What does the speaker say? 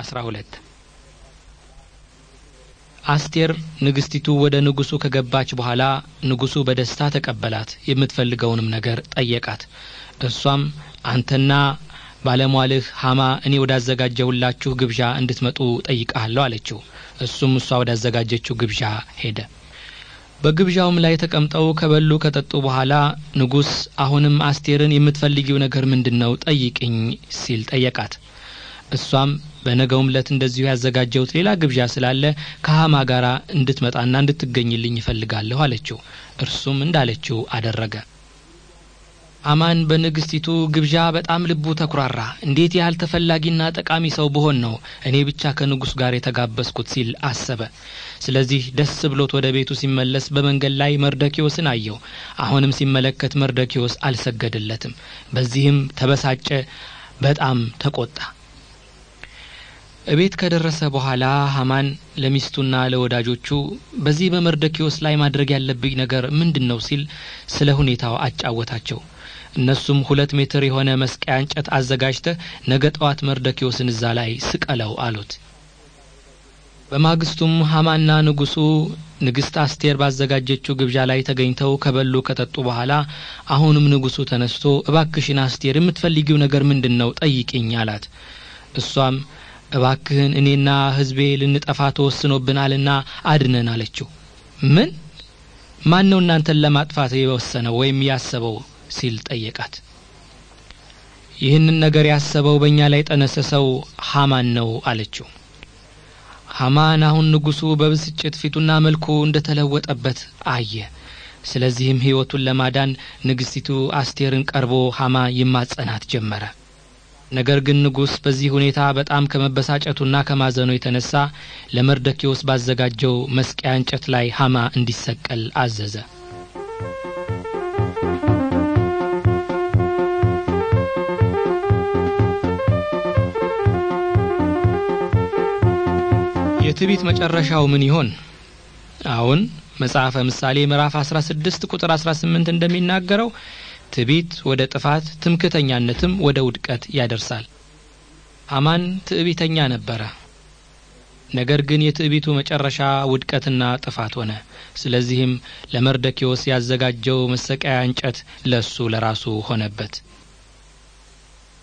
አስራ ሁለት አስቴር ንግስቲቱ ወደ ንጉሱ ከገባች በኋላ ንጉሱ በደስታ ተቀበላት፣ የምትፈልገውንም ነገር ጠየቃት። እሷም አንተና ባለሟልህ ሀማ እኔ ወዳዘጋጀሁላችሁ ግብዣ እንድትመጡ ጠይቃለሁ አለችው። እሱም እሷ ወዳዘጋጀችው ግብዣ ሄደ። በግብዣውም ላይ ተቀምጠው ከበሉ ከጠጡ በኋላ ንጉስ አሁንም አስቴርን የምትፈልጊው ነገር ምንድን ነው? ጠይቅኝ ሲል ጠየቃት። እሷም በነገውም ዕለት እንደዚሁ ያዘጋጀውት ሌላ ግብዣ ስላለ ከሀማ ጋር እንድትመጣና እንድትገኝልኝ ይፈልጋለሁ አለችው። እርሱም እንዳለችው አደረገ። አማን በንግስቲቱ ግብዣ በጣም ልቡ ተኩራራ። እንዴት ያህል ተፈላጊና ጠቃሚ ሰው ብሆን ነው እኔ ብቻ ከንጉሥ ጋር የተጋበዝኩት ሲል አሰበ። ስለዚህ ደስ ብሎት ወደ ቤቱ ሲመለስ በመንገድ ላይ መርደኪዎስን አየው። አሁንም ሲመለከት መርደኪዎስ አልሰገደለትም። በዚህም ተበሳጨ፣ በጣም ተቆጣ። እቤት ከደረሰ በኋላ ሐማን ለሚስቱና ለወዳጆቹ በዚህ በመርደኪዎስ ላይ ማድረግ ያለብኝ ነገር ምንድን ነው ሲል ስለ ሁኔታው አጫወታቸው። እነሱም ሁለት ሜትር የሆነ መስቀያ እንጨት አዘጋጅተህ ነገ ጠዋት መርደኪዎስን እዛ ላይ ስቀለው አሉት። በማግስቱም ሀማና ንጉሱ ንግሥት አስቴር ባዘጋጀችው ግብዣ ላይ ተገኝተው ከበሉ ከጠጡ በኋላ አሁንም ንጉሱ ተነስቶ እባክሽን አስቴር የምትፈልጊው ነገር ምንድን ነው? ጠይቅኝ አላት። እሷም እባክህን እኔና ህዝቤ ልንጠፋ ተወስኖብናልና አድነን አለችው ምን ማን ነው እናንተን ለማጥፋት የወሰነው ወይም ያሰበው ሲል ጠየቃት ይህንን ነገር ያሰበው በእኛ ላይ ጠነሰሰው ሐማን ነው አለችው ሐማን አሁን ንጉሡ በብስጭት ፊቱና መልኩ እንደ ተለወጠበት አየ ስለዚህም ሕይወቱን ለማዳን ንግሥቲቱ አስቴርን ቀርቦ ሐማ ይማጸናት ጀመረ ነገር ግን ንጉሥ በዚህ ሁኔታ በጣም ከመበሳጨቱና ከማዘኑ የተነሳ ለመርደኪዎስ ባዘጋጀው መስቀያ እንጨት ላይ ሐማ እንዲሰቀል አዘዘ። የትቢት መጨረሻው ምን ይሆን? አሁን መጽሐፈ ምሳሌ ምዕራፍ 16 ቁጥር 18 እንደሚናገረው ትዕቢት ወደ ጥፋት፣ ትምክተኛነትም ወደ ውድቀት ያደርሳል። አማን ትዕቢተኛ ነበረ። ነገር ግን የትዕቢቱ መጨረሻ ውድቀትና ጥፋት ሆነ። ስለዚህም ለመርደኪዎስ ያዘጋጀው መሰቀያ እንጨት ለሱ ለራሱ ሆነበት።